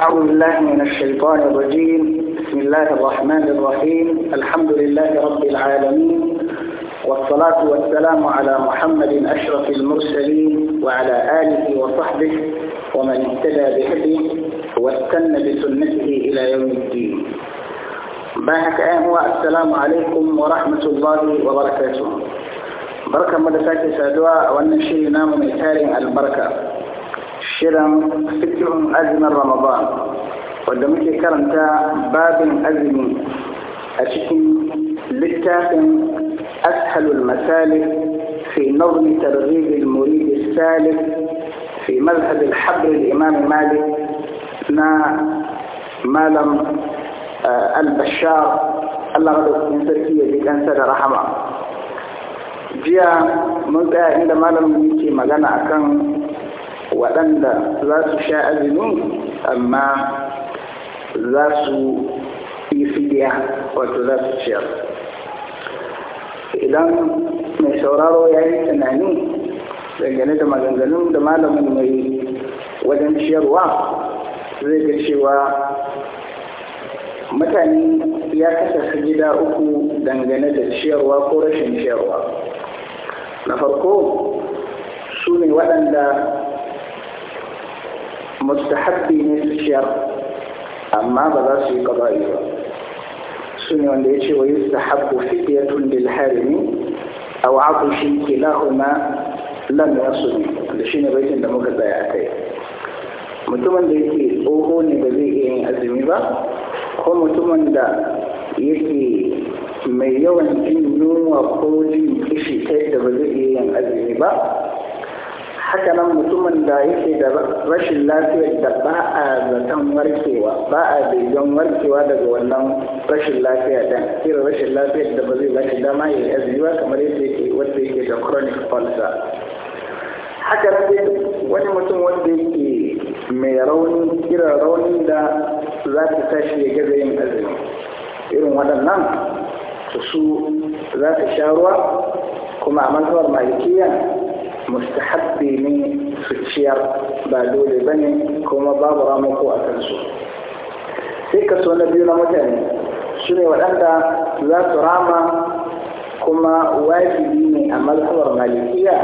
أعوذ بالله من الشيطان الرجيم بسم الله الرحمن الرحيم الحمد لله رب العالمين والصلاة والسلام على محمد أشرف المرسلين وعلى آله وصحبه ومن اهتدى بهدي واستنى بسنته إلى يوم الدين باهك آه السلام عليكم ورحمة الله وبركاته بركة مدساك سادواء وأن الشيء نام من البركة شرم ست أزم رمضان ودمك كرمتا باب أزم أشكي للتاف أسهل المسالك في نظم ترغيب المريد السالك في مذهب الحبر الإمام مالك ما ما لم آه البشار الله غدو من سرسية في كان سر رحمه جاء من ذا عند ما لم يكي مغانا أكن waɗanda za su sha azumin amma za su yi fidiya wato za su ciyar idan mai sauraro ya yi tunani dangane da maganganun da malamin mai wajen ciyarwa zai ga cewa mutane ya su gida uku dangane da ciyarwa ko rashin ciyarwa na farko su ne waɗanda mustahabbi ne su ciyar amma ba za su yi ƙaba'i ba su ne wanda ya ce wa yi sahabbu fidiyatun lil harimi aw aqushi kilahuma lam yasumi da ne baitin da muka tsaya a kai mutumin da yake tsoho ne ba zai iya yin azumi ba ko mutumin da yake mai yawan jin yunwa ko jin kishi ta yadda ba zai iya yin azumi ba haka nan mutumin da yake da rashin lafiyar da ba a zaton warkewa ba a begen warkewa daga wannan rashin lafiya dan irin rashin lafiyar da ba zai bashi dama ya yi azumi kamar yadda yake wanda yake da chronic ulcer haka nan wani mutum wanda yake mai rauni irin raunin da za ta tashi ya gaza yin azumi irin waɗannan su za ta sha ruwa kuma a mantuwar malikiya mustahabbi ne su ciyar ba dole ba ne kuma babu ramako a kansu sai ka so na biyu na mutane su ne waɗanda za su rama kuma wajibi ne a mazhabar malikiya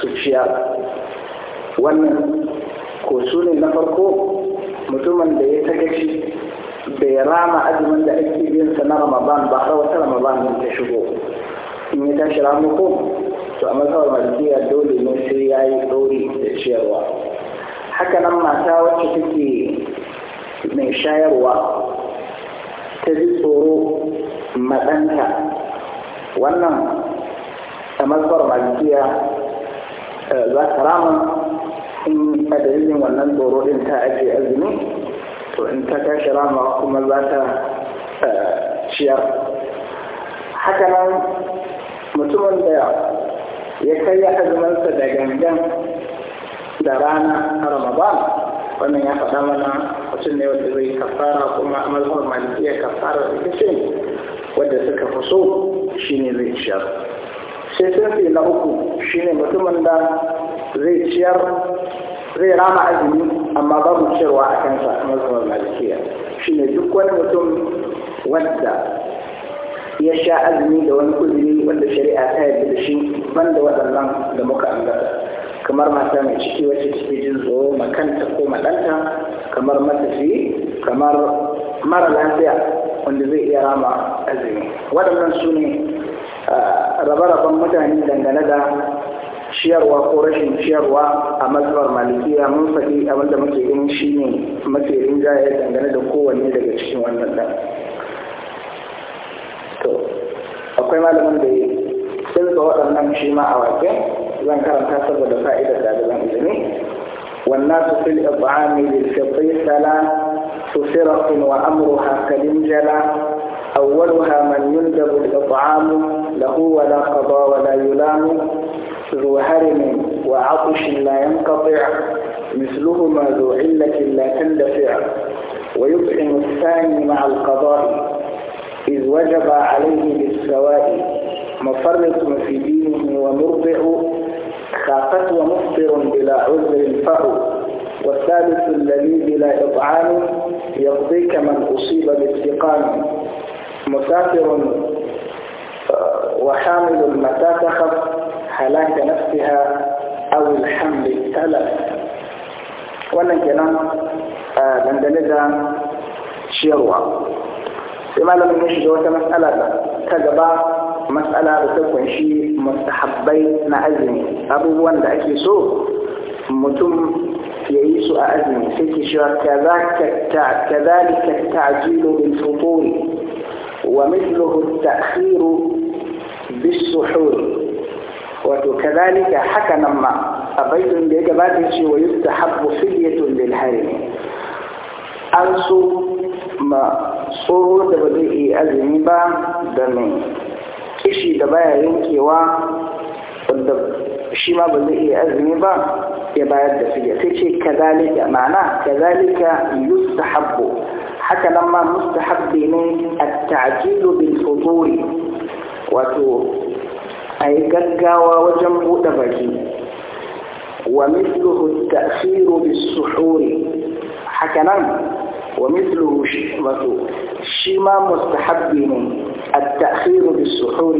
su ciyar wannan ko su ne na farko mutumin da ya tagaci bai rama azumin da ake biyansa na ramadan ba har wata ramadan ta shigo in ya tashi ramako to a mazhabar malikiya dole ne sai ya yi ɗori da ciyarwa Hakanan mata wacce take mai shayarwa ta ji tsoro matsanta wannan a mazhabar malikiya eh, za ta rama in a dalilin wannan tsoro din ta ake azumi to in ta kashi rama kuma za ta eh, ciyar Hakanan mutumin da ya ya azumarsa da gangan da rana a ramadan wannan ya faɗa mana mutum ne wanda zai kafara kuma amalhar malikiya kafara da kace wanda suka fi so shine zai ciyar sai sai na uku shine mutumin da zai ciyar zai rama azumi amma babu ciyarwa a kansa maliki ya malikiya shine duk wani mutum wanda ya sha azumi da wani kuzuri wanda shari'a ta yarda da shi banda waɗannan da muka ambata kamar mata mai ciki wacce take jin tsoro makanta ko maɗanta kamar matafi kamar mara lafiya wanda zai iya rama azumi waɗannan su ne rabe-raben mutane dangane da ciyarwa ko rashin ciyarwa a matsalar malikiya mun faɗi abinda muke yin shi ne mafi rinjaye dangane da kowanne daga cikin wannan ɗan to akwai malamin da ya canza waɗannan shi ma a wake zan karanta saboda fa'idar ɗaliban والناس في الإطعام للفطر سلا فرق وأمرها كالانجلا أولها من يندب الإطعام له ولا قضى ولا يلام ذو هرم وعطش لا ينقطع مثلهما ذو علة لا تندفع ويطعم الثاني مع القضاء إذ وجب عليه بالسواء مفرط في دينه ومرضع خافت ومفطر بلا عذر فهو والثالث الذي بلا إطعام يقضي كمن أصيب باستقام مسافر آه، وحامل متى تخف هلاك نفسها أو الحمل تلف wannan kenan dangane da ciyarwa sai malamin ya shiga wata matsala ta gaba matsala da ta kunshi mustahabbai na azumi abubuwan da ake so mutum ya yi su a azumi sai ke cewa kazalika ta'jilu bil futur wa mithluhu at-ta'khir bis suhur wato kazalika haka nan ma a baitin da ya gabata cewa yustahabbu fidyatun lil harim an so ma tsoho da ba zai iya azumi ba da mai kishi da baya yankewa wadda shi ma ba zai iya azumi ba ya bayar da fiye sai ce kazalika ma'ana kazalika yustahabbu haka nan ma mustahabbi ne at-ta'jilu bil fuduri wato ayi gaggawa wajen bude baki wa mithluhu at-ta'khiru bis suhuri haka nan wa mithluhu wato شما مستحبين التأخير بالسحور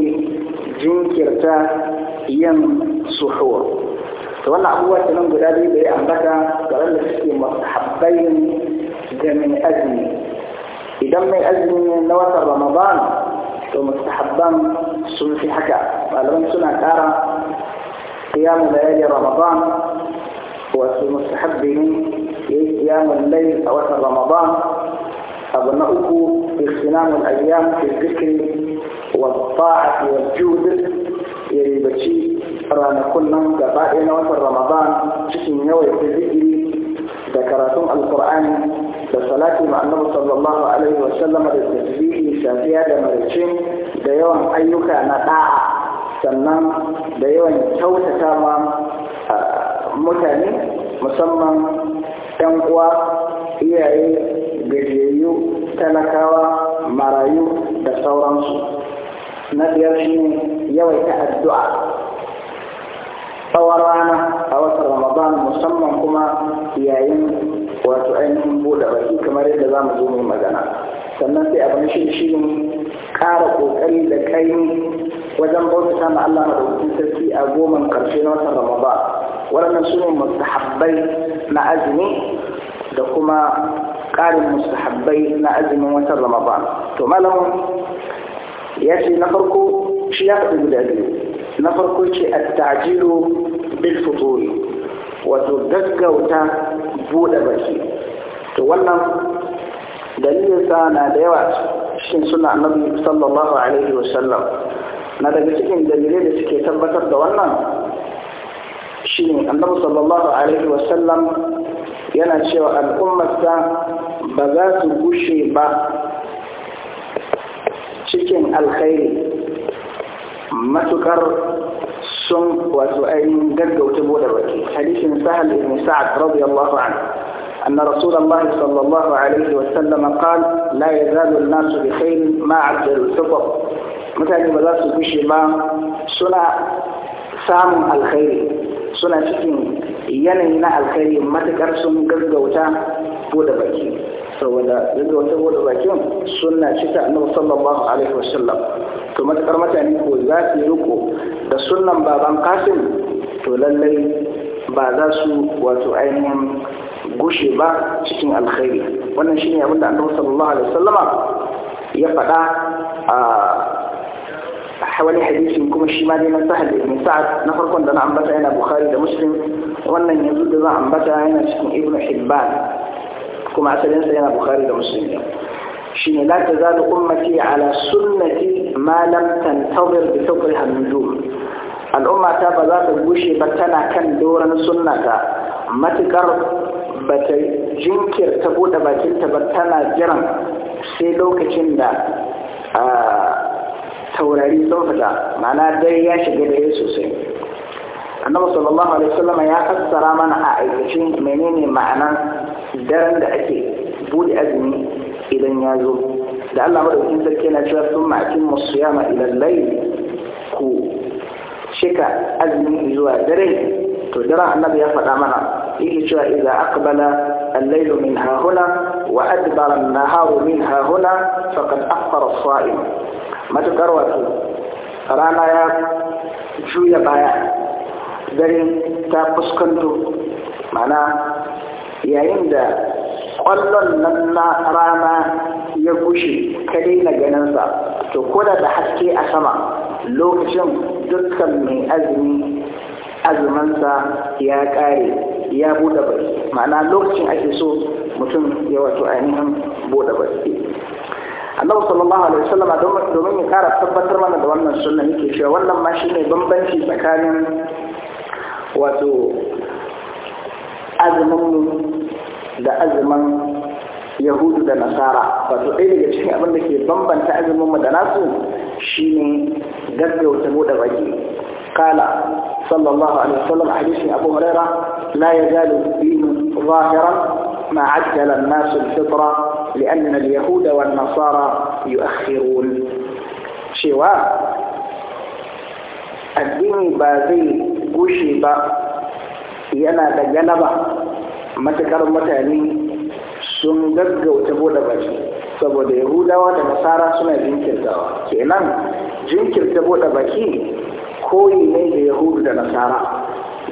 جنكرتا ين سحور تولى أبوة من قدادي بأن بكى قرن لسكي مستحبين جمن أزمي إذا من أزمي نواة رمضان ومستحبان سنفي حكا من سنة كارا قيام ليالي رمضان هو المستحب من قيام الليل أو رمضان abu na uku istinamun ayyam fi zikri wa ta'ati wal jud ya ribaci ranakun nan gaba ɗaya na watan ramadan cikin yawaita zikiri da karatun alkur'ani da salati ma annabi sallallahu alaihi wa sallama da tasbihi safiya da marice da yawan ayyuka na ɗa'a, sannan da yawan kyautata ma mutane musamman 'yan uwa iyaye gajiyayyu talakawa marayu da sauransu na biyar shi ne yawaita addu'a tsawon rana a watan ramadan musamman kuma yayin wato ainihin buɗe baki kamar yadda za mu zo mu magana sannan sai abin shi shi ne ƙara ƙoƙari da kai wajen bauta na Allah madaukakin sarki a goman ƙarshe na watan ramadan waɗannan su ne na azumi da kuma ƙarin mustahabbai na azumin watan ramadan to malam ya ce na farko shi ya faɗi guda biyu na farko ce a tajiru bil futuri wato gaggauta buɗe baki to wannan dalilinsa na da yawa cikin suna annabi sallallahu alaihi wa sallam, na daga cikin dalilai da suke tabbatar da wannan shine annabi sallallahu alaihi wa sallam yana cewa al'ummarsa ba za su gushe ba cikin alkhairi matukar sun wato ainihin gaggauta bude baki hadisin sahal ibn sa'ad radiyallahu anhu أن رسول الله صلى الله عليه وسلم قال لا يزال الناس بخير ما عبد الفطر مثلا بلا سكوشي ما سنة سام الخير سنة سكين ينينا الخير ما تكرسم قلقوتا بود بكي saboda yadda wata bude bakin suna cika na ta annabi sallallahu alaihi wasallam to matakar mutane ko za su yi riko da sunan baban kasim to lallai ba za su wato ainihin gushe ba cikin alkhairi wannan shine abin da annabi sallallahu alaihi wasallama ya faɗa a hawali hadisin kuma shi ma dai na sahal ibn sa'ad na farkon da na ambata yana bukhari da muslim wannan yanzu da za ambata yana cikin ibn hibban kuma asalinsa yana bukari da musulmi shi ne la ta zalu ummati ala sunnati ma lam da bi tawfiha nujum al'umma ta ba za ta gushe ba tana kan doron sunnata matukar ba ta buɗe bakinta ba tana jiran sai lokacin da ah, taurari sun fita ma'ana dai ya shiga da sosai annabi sallallahu alaihi wasallam ya fassara mana a aikace menene ma'anan daren da ake bude azumi idan ya zo da Allah madaukakin sarki na cewa sun ma'akin musu yama idan ku shika azumi zuwa dare to daren annabi ya faɗa mana yake cewa idza aqbala al-layl min hahuna wa adbara an-nahar min hahuna faqad afṭara as-sa'im matakar wato rana ya juya baya daren ta fuskanto mana yayin da ƙwallon nan na rana ya gushe ka daina ganinsa to koda da haske a sama lokacin dukkan mai azumi azumansa ya ƙare ya bude bai ma'ana lokacin ake so mutum ya wato ainihin bude bai annabi sallallahu alaihi wasallam domin ya kara tabbatar mana da wannan sunna yake cewa wannan ma shine bambanci tsakanin wato azumin da azumin yahudu da nasara wato ɗaya daga cikin abin da ke bambanta azumin da nasu shine gaggauta da baki kala sallallahu alaihi wasallam hadisin abu huraira la yazalu dinu zahiran ma ajjala an-nas al-fitra li'anna al-yahuda wan-nasara yu'akhirun cewa addini ba zai gushe ba yana da ganaba matakar mutane sun gaggauta bude baki saboda yahudawa da nasara suna jinkirtawa kenan jinkirta bude baki koyi ne da yahudu da nasara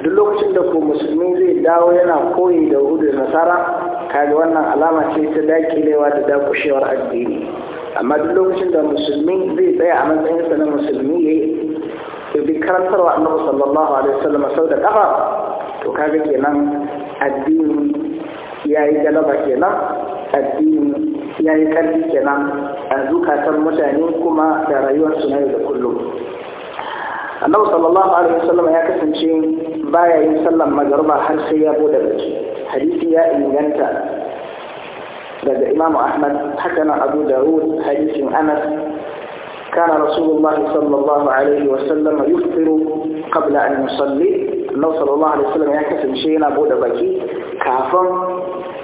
duk lokacin da ku musulmi zai dawo yana koyi da yahudu da nasara kaga wannan alama ce ta dakilewa da dakushewar addini amma duk lokacin da musulmi zai tsaya a matsayinsa na musulmi ya yi to bi karantarwa annabi sallallahu alaihi wasallam sau da kafa to kaga kenan addini yayi galaba kenan addini yayi karfi kenan a zukatan mutane kuma da rayuwar na yau da kullum annabi sallallahu alaihi wasallam ya kasance baya yin sallan magruba har sai ya bude baki hadisi ya inganta daga imamu ahmad hakanan nan abu dawud hadisin anas كان رسول الله صلى الله عليه وسلم يفطر قبل أن يصلي النبي صلى الله عليه وسلم يكتب شيئا بودا بكي كافا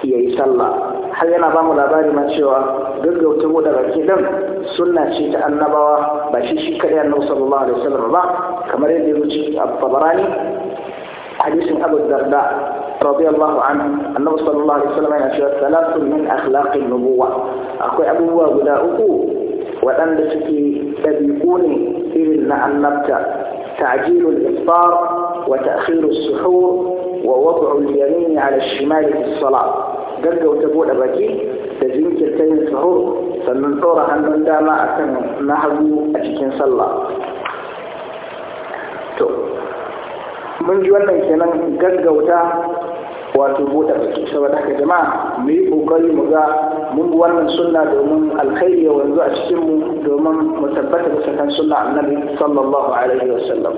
يصلى har yana ba mu labari ma cewa gaggauta mu da baki dan sunna ce ta annabawa ba shi kadai annabi sallallahu alaihi wasallam ba kamar yadda ya ci a tabarani hadisin abu darda radiyallahu anhu annabi sallallahu alaihi wasallam yana cewa salatu min akhlaqin nubuwa akwai abubuwa guda uku waɗanda suke ɗabi'u ne irin na annabta ta'jilul isfar wa ta'khirus suhur wa wad'u al-yamin 'ala ash gaggauta bude baki da jinkirta yin suhur sannan tsora hannun dama akan na hagu a cikin sallah mun ji wannan kenan gaggauta wato bude baki saboda haka yi mun bi wannan sunna domin alkhairi ya wanzu a cikin mu domin mu tabbata bisa kan sunna annabi sallallahu alaihi sallam.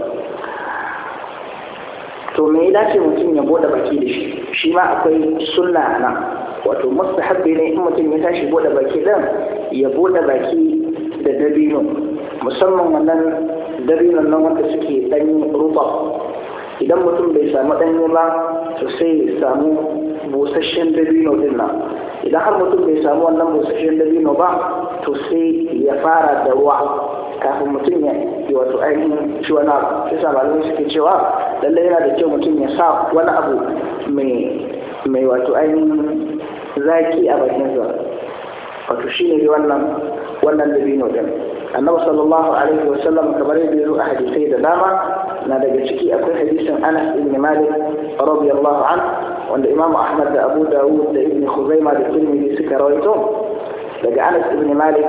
to me ya dace mutum ya bude baki da shi shi ma akwai sunna nan wato mustahabbi ne in mutum ya tashi bude baki dan ya bude baki da dabino musamman wannan dabinon nan wanda suke dan rufa idan mutum bai samu ɗanye ba to sai ya samu busasshen dabino din nan idan har mutum bai samu wannan busasshen dabino ba to sai ya fara da ruwa kafin mutum ya yi wato ainihin ci wani abu shi sa malamai suke cewa lallai yana da kyau mutum ya sa wani abu mai wato ainihin zaki a bakin zuwa wato shi ne wannan wannan dabino din annabi sallallahu alaihi wa sallam kamar yadda ya zo a hadisai da dama na daga ciki akwai hadisin anas ibn malik radiyallahu anhu وان امام احمد دا ابو داود لابن خزيمة دا ابن سكرويتو لجعلت ابن مالك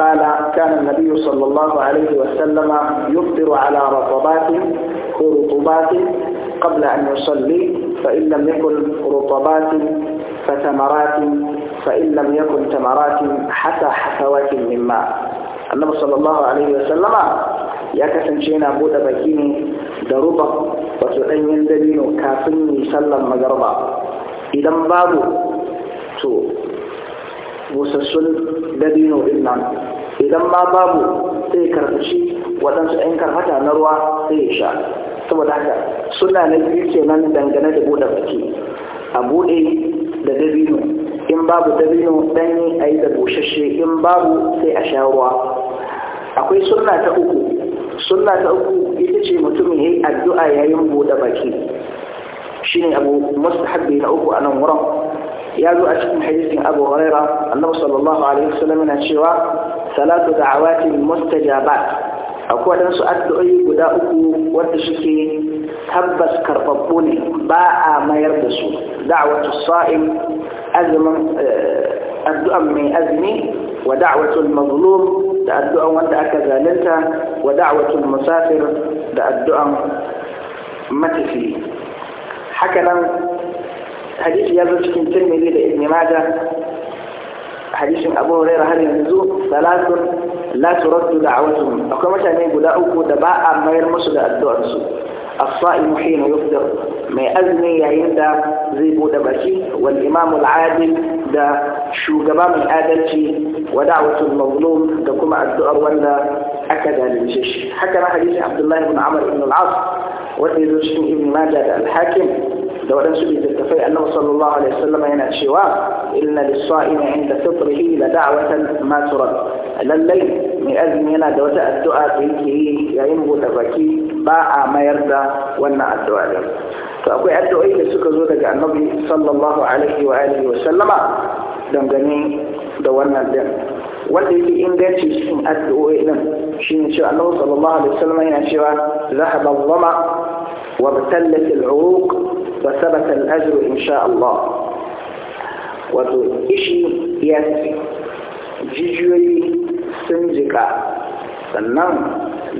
قال كان النبي صلى الله عليه وسلم يفطر على رطبات ورطبات قبل ان يصلي فان لم يكن رطبات فتمرات فان لم يكن تمرات حتى حسوات من ماء النبي صلى الله عليه وسلم ya kasance yana bude baki ne da ruba wato danyen dabino kafin yi sallan magarba idan babu to dabino ɗin idan ma babu sai karfaci waɗansu ‘yan karfata na ruwa sai ya sha saboda haka suna na biyu kenan dangane da bude baki a buɗe da dabino in babu dabino ɗanyi a yi da bushashe in babu sai a sha ruwa akwai suna ta uku sunna ta uku ita ce mutumin ya yi addu'a yayin buɗe baki shine abu mustahabbi na uku a nan wurin ya zo a cikin hadisin abu huraira annabi sallallahu alaihi wasallam yana cewa salatu da'awatin mustajabat akwai wadansu addu'o'i guda uku wanda suke tabbas karɓaɓɓu ne ba a mayar da su da'awatu sa'im azumin eh, addu'an mai azumi wa da'awatul mazlum da addu'an wanda aka zalunta wa da'watul musafir da addu'an matafi haka nan hadisi ya zo cikin tirmidhi da ibn majah hadisin abu hurairah har yanzu salatun la turaddu da'watuhum akwai mutane guda uku da ba a mayar musu da addu'arsu as-sa'imu hina yufdir mai azumi yayin da zai bude baki wal imamu al-adil da shugaba mai adalci wa da'watul mazlum da kuma addu'ar wanda aka zalunce shi haka na hadisi Abdullahi ibn Amr ibn al-As wanda yazo cikin Ibn Majah da al-Hakim da waɗansu littattafai Annabi sallallahu alaihi wasallam yana cewa inna lis-sa'imi 'inda fitrihi la da'watan ma turad lallai mai azumi yana da wata addu'a da yake yi yayin buɗe baki ba a mayar da wannan addu'a din to akwai addu'o'i da suka zo daga annabi sallallahu alaihi wa alihi wa sallama dangane da wannan din wanda yake inganci cikin addu'o'i din shine cewa Allah sallallahu alaihi wasallam yana cewa zahaba dhama wa batallat al'uruq wa sabata al insha Allah wato ishi ya jijiyoyi sun jika sannan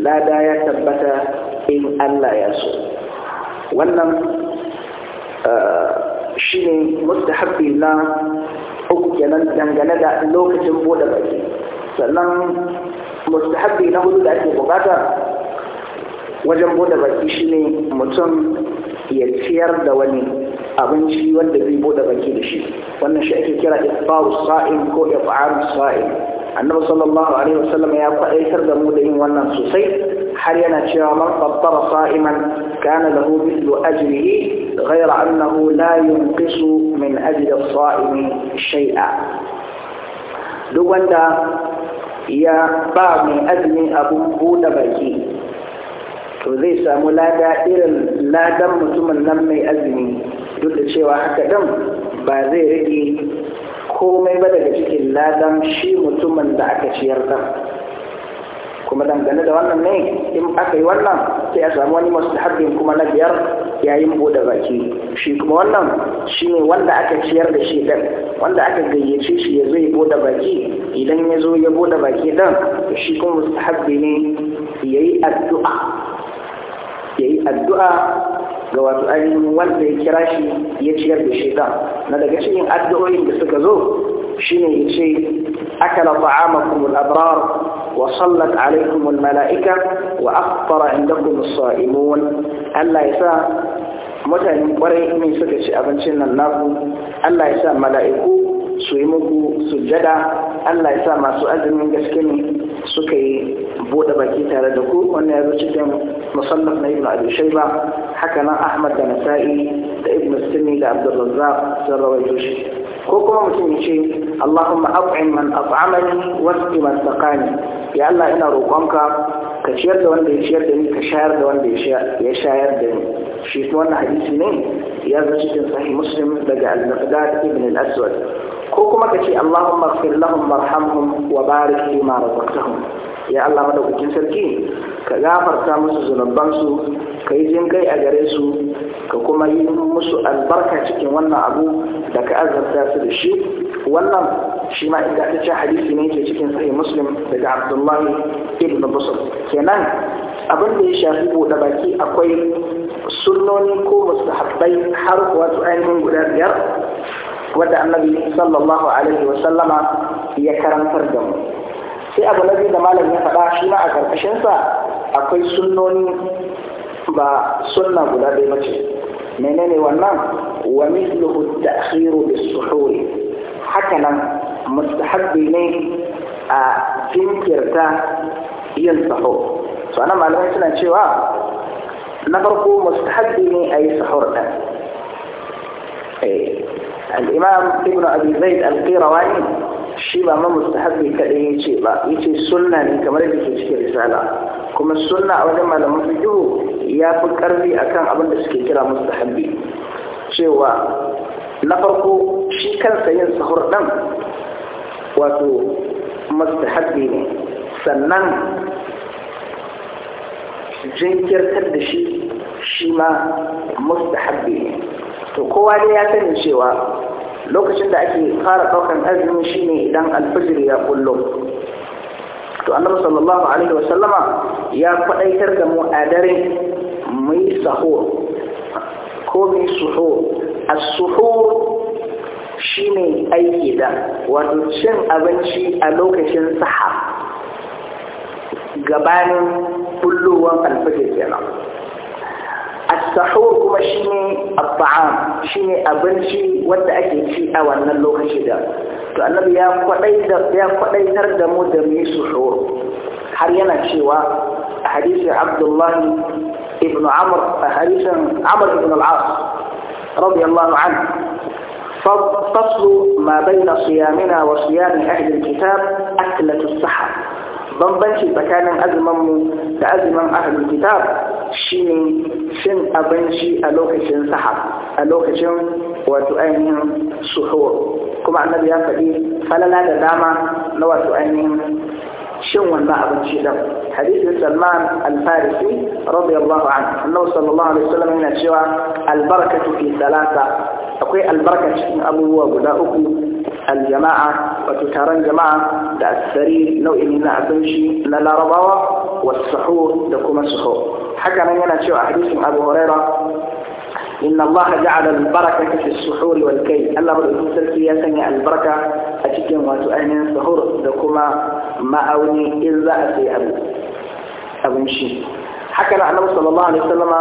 lada ya tabbata in Allah ya so wannan eh, shi ne mustahabbi na kenan dangane da lokacin bude baki sannan mustahabbi na hudu da ake bukata wajen bude baki shine mutum ya ciyar da wani abinci wanda zai bude baki da shi wannan shi ake kira ifaru sa'in ko ifaru sa'in annabi sallallahu alaihi wasallam ya faɗaitar da mu da yin wannan sosai har yana cewa man fattara sa'iman kana lahu mithlu ajrihi غير أنه لا ينقص من أجل الصائم شيئا duk wanda ya ba mai azumi abin buɗe baki to zai samu lada irin ladan mutumin nan mai azumi duk da cewa haka ɗin ba zai rage komai ba daga cikin ladan shi mutumin da aka ciyar ɗan kuma dangane da wannan ne in aka yi wannan sai a samu wani mustahabbin kuma na biyar yayin bude baki shi kuma wannan shine wanda aka ciyar da shi din wanda aka gayyace shi ya zo ya bude baki idan ya zo ya bude baki din shi kuma mustahabbi ne yayi addu'a yayi addu'a ga wato ainihin wanda ya kira shi ya ciyar da shi din na daga cikin addu'o'in da suka zo shi ne ya ce akala ta'amakum al-abrar وصلت عليكم الملائكة وأفطر عندكم الصائمون ألا يسا mutane kwarai min suka ci abincin nan naku Allah ya sa mala'iku su yi muku sujjada Allah ya sa masu azumin gaske ne suka yi bude baki tare da ku wannan ya zo cikin musallaf na ibn abi shayba haka nan ahmad da nasa'i da ibn sunni da abdul razzaq sun rawaito shi ko kuma mutum ya ce اللهم أطعم من أطعمني واسق من سقاني يا الله إنا روقانك ka ciyar da wanda ya ciyar da ni ka shayar da wanda ya shayar da ni shi wannan hadisi ne ya zo cikin sahih muslim daga al-miqdad ibn al-aswad ko kuma ka ce allahumma ighfir lahum warhamhum wa barik fi ma razaqtahum ya Allah madaukakin sarki ka gafarta musu zunubansu ka yi jin kai a gare su ka kuma yi musu albarka cikin wannan abu da ka azabta su da shi wannan shi ma ingantaccen hadisi ne ke cikin sahih muslim daga abdullahi ibn busur kenan abin da ya shafi buɗe baki akwai sunnoni ko mustahabbai har wasu ainihin guda biyar wadda annabi sallallahu alaihi wa sallama ya karantar da mu sai abu na da malam ya faɗa shi ma a ƙarƙashinsa akwai sunnoni ba sunna guda ɗaya ba menene wannan wa mithluhu at-ta'khiru bis-suhuri haka nan mustahabbi ne a jinkirta yin sahur so ana malamai suna cewa na farko mustahabbi ne a yi sahur ɗin eh, al'imam ibn abi zaid al-qirawani shi ba ma mustahabbi kaɗai ya ce ba ya ce sunna ne kamar da ke cikin risala kuma sunna a wajen malaman fikihu ya fi ƙarfi akan abin da suke kira mustahabbi cewa na farko shi kansa yin sahur ɗan wato haɗe ne sannan jinkirtar da shi shi ma mustahabbi ne to kowa dai ya sani cewa lokacin da ake fara ɗaukan azumi shine idan alfijir ya kullum. to annabi sallallahu alaihi wa sallama ya faɗaitar da mu a dare mu yi sahur ko mu yi suhur as-suhur ne aiki da wato cin abinci a lokacin saha gabanin bullowar alfajir kenan as-sahur kuma ne at shi shine abinci wanda ake ci a wannan lokaci da to annabi ya kwadaitar da mu da mu har yana cewa hadisin Abdullahi ibn a hadisin Amr ibn al-As radiyallahu anhu فصل ما بين صيامنا وصيام أهل الكتاب أكلة السحر ضمن شيء كان أزم أزم أهل الكتاب شين شين ابنشي شيء ألوك سحر ألوك شين وتؤمن سحور كما أن النبي قال فلا لا دعما لو تؤمن شين ما ابنشي شيء حديث سلمان الفارسي رضي الله عنه أنه صلى الله عليه وسلم من الشوى البركة في ثلاثة أقول البركة من أبو وغداؤك الجماعة وتتارن جماعة دا السرير نوع من أبنشي للا رضاوة والسحور دكما السحور حكى من هنا شوى حديث أبو هريرة إن الله جعل البركة في السحور والكي ألا برئيس يا يسنع البركة أتكين وتؤهن السحور دكما ما أوني إلا أتي أبو أبو أبنشي حكى له النبي صلى الله عليه وسلم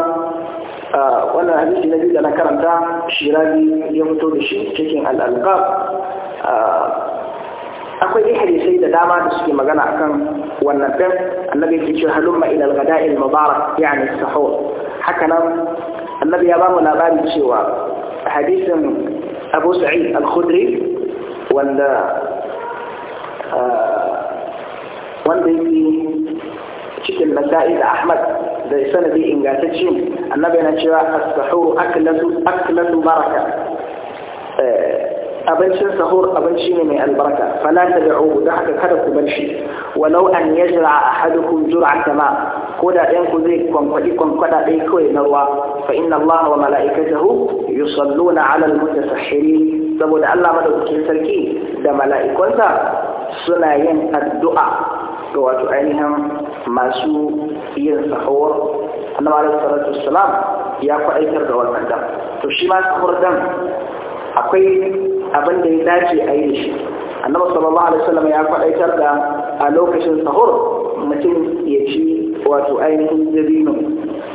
آه، وانا حديث النبي انا كرم دا شيرادي يوم تو دشي تشيكين الالقاب اكو آه، اي حديث سيده داما تسكي سكي مغانا كان وانا بين النبي يجي هلم الى الغداء المبارك يعني السحور حكى النبي يا بابا نابان شيوا حديث ابو سعيد الخدري وان آه، وان دي في شكل مسائل احمد da sanadi ingantacce annabi yana cewa as-sahur aklatu aklatu baraka eh, abincin sahur abinci ne mai albarka fala tad'u da haka kada ku bar shi walau an yajra ahadukum jur'atan ma ko da ɗayan ku zai kwankwadi kwankwada ɗaya kawai na ruwa fa inna Allah wa mala'ikatahu yusalluna 'ala al-mutasahhirin saboda Allah madaukakin sarki da mala'ikunsa suna yin addu'a ga wato ainihin masu yin sahur annabi alaihi salatu salam ya faɗaitar da wannan dan to shi ma sahur dan akwai abin da ya dace a yi da shi annabi sallallahu alaihi wasallam ya faɗaitar da a lokacin sahur mutum ya ci wato ainihin dabino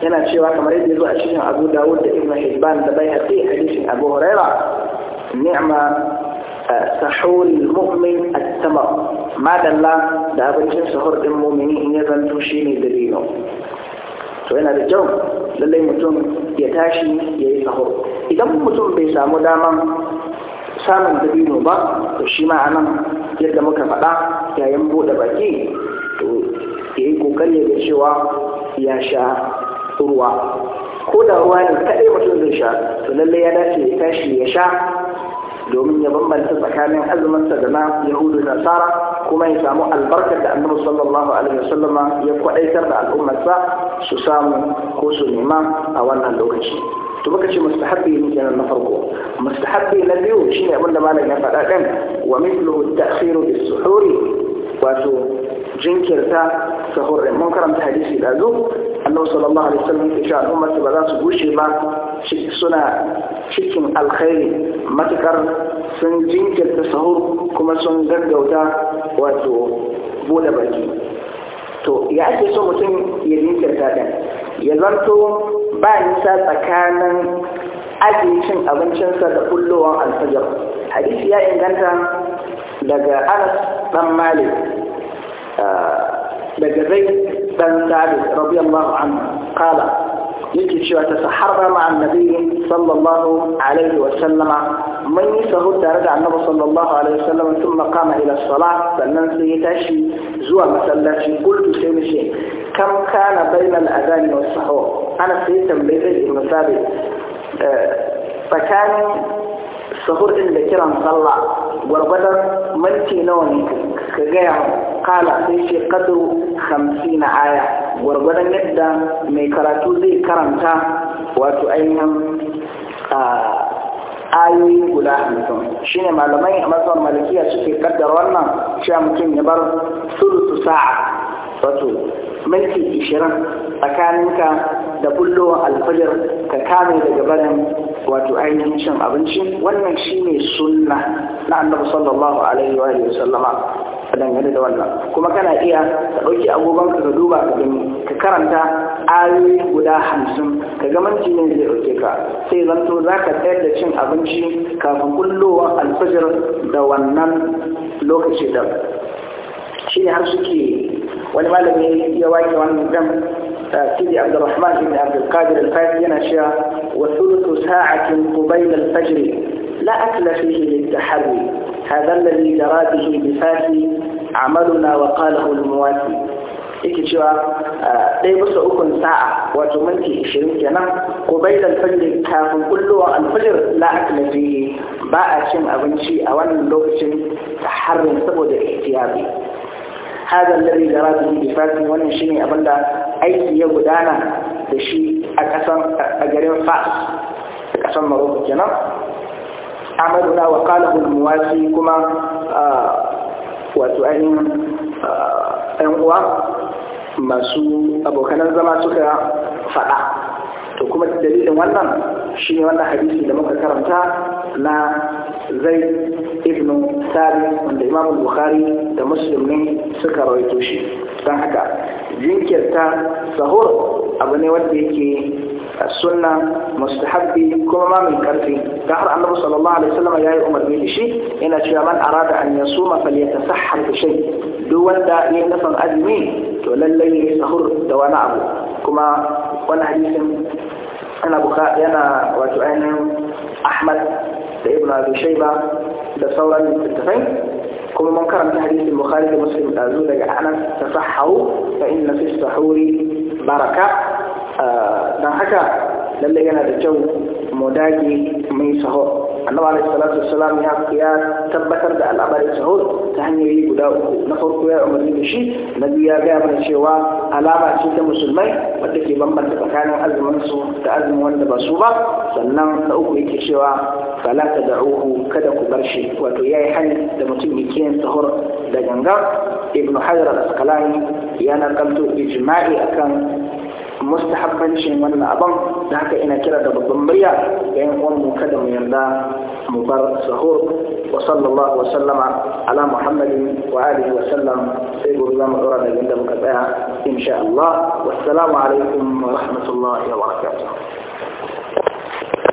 yana cewa kamar yadda ya zo a cikin abu dawud da ibn hibban da bai hatsi hadisin abu huraira ni'ma sahur mu'min at-tamar dalla da abincin sahur din mu'mini in ya zanto shine dalilo to yana da kyau lallai mutum ya tashi ya yi sahur idan mutum bai samu daman samun dabino ba to shi ma anan yadda muka faɗa yayin buɗe baki to ya yi da cewa ya sha ruwa ko da ruwa ne kaɗai mutum zai sha to lallai ya dace ya tashi ya sha domin ya bambanta tsakanin azumanta da na yahudu da nasara kuma ya samu albarkar da annabi sallallahu alaihi wasallama ya kwadaitar da al'ummarsa su samu ko su nema a wannan lokaci to baka ce mustahabbi ne kenan na farko mustahabbi na biyu shine abinda malamin ya faɗa kan wa mithluhu ta'khiru bis-suhuri wato jinkirta sahur mun karanta hadisi da zo annabi sallallahu alaihi wasallam ya ce al'ummarsa ba za su gushe ba suna cikin alkhairi matukar sun jinkirta sahur kuma sun gaggauta wato bude baki to ya ake so mutum ya jinkirta ɗin ya zanto ba nisa tsakanin ajiyacin abincinsa da kullowar alfajar hadisi ya inganta daga anas dan malik ah, daga zai ɗan sabis rabiyallahu an kala yake cewa ta saharba ma annabi sallallahu alaihi wa sallama mun yi sahur tare da annabi sallallahu alaihi wa sallama sun makama ila salat sannan sai ya tashi zuwa masallaci kullu sai mu ce kam kana bainal adani was sahur ana sai tambaye da ibn sabi tsakanin sahur din da kiran sallah gurbadan minti nawa ne ka ga ya kala sai ce kadru 50 aya gwargwadon yadda mai karatu zai karanta wato ainihin ayoyi guda hamsin shi ne malamai a matsayin malakiya suke kaddar wannan cewa mutum ya bar sulutu sa'a wato minti ishirin tsakaninka da bullowar alfajar ka kame daga barin wato ainihin cin abinci wannan shi ne sunna na annabi sallallahu alaihi wa sallama dangane da wannan kuma kana iya ka ɗauki agogonka ka duba ka gani ka karanta ayoyi guda hamsin ka ga manci ne zai ɗauke ka sai zanto za ka tsayar da cin abinci kafin kullowar alfajir da wannan lokaci da shi ne har suke wani malami ya wake wannan dan سيدي عبد الرحمن yana عبد القادر الفاتي نشا وثلث ساعة قبيل la akla fihi فيه للتحري هذا الذي جرى به بفاتي عملنا وقاله المواتي yake cewa ɗaya bisa ukun sa'a wato minti ishirin kenan ko bai da alfajir kafin kullowar alfajir la akalafi ba a cin abinci a wannan lokacin ta harin saboda ihtiyabi hadar lari da rabin da fasi wannan shi ne abinda aiki ya gudana da shi a garin fas a ƙasan maroko kenan amaluna wa qalahu muwasi kuma wato ainihin uwa masu abokanan zama suka faɗa to kuma dalilin wannan shi ne wannan hadisi da muka karanta na zai ibn sabi wanda imam bukhari da muslim suka rawaito shi don haka jinkirta sahur abu ne wanda yake sunna mustahabbi kuma ma karti karfi annabu har annabi sallallahu alaihi wasallam yayi umarni da shi yana cewa man arada an yasuma falyatasahhar bi shay duk wanda ya nufin azumi to lallai sahur da wani abu kuma wani hadisin ana buka yana wato ainihin ahmad da ibn abi shayba da sauran littattafai kuma mun karanta hadisin bukhari da muslim da dazu daga anas tasahharu fa inna fi sahuri baraka Ah, don haka lalle yana da kyau mu dage mai saho annabi alaihi salatu wassalam ya tabbatar da al'amarin saho ta hanyoyi guda uku na farko ya umarni da shi na biyu ya gaya mana cewa alama ce ta musulmai wadda ke bambanta tsakanin azumin su da azumin wanda ba su ba sannan na uku yake cewa fala ta da'uhu kada ku bar shi wato yayi hani da mutum yake yin sahur da ganga ibnu hajar al-asqalani ya nakalto ijma'i akan mustahabbancin wannan abin da haka ina kira da babban murya ga yan uwan mu kada mu yarda mu bar sahur wa sallallahu wa sallama ala muhammadin wa alihi wa sallam sai gobe za mu dora da inda muka tsaya insha Allah wassalamu alaikum wa rahmatullahi wa barakatuh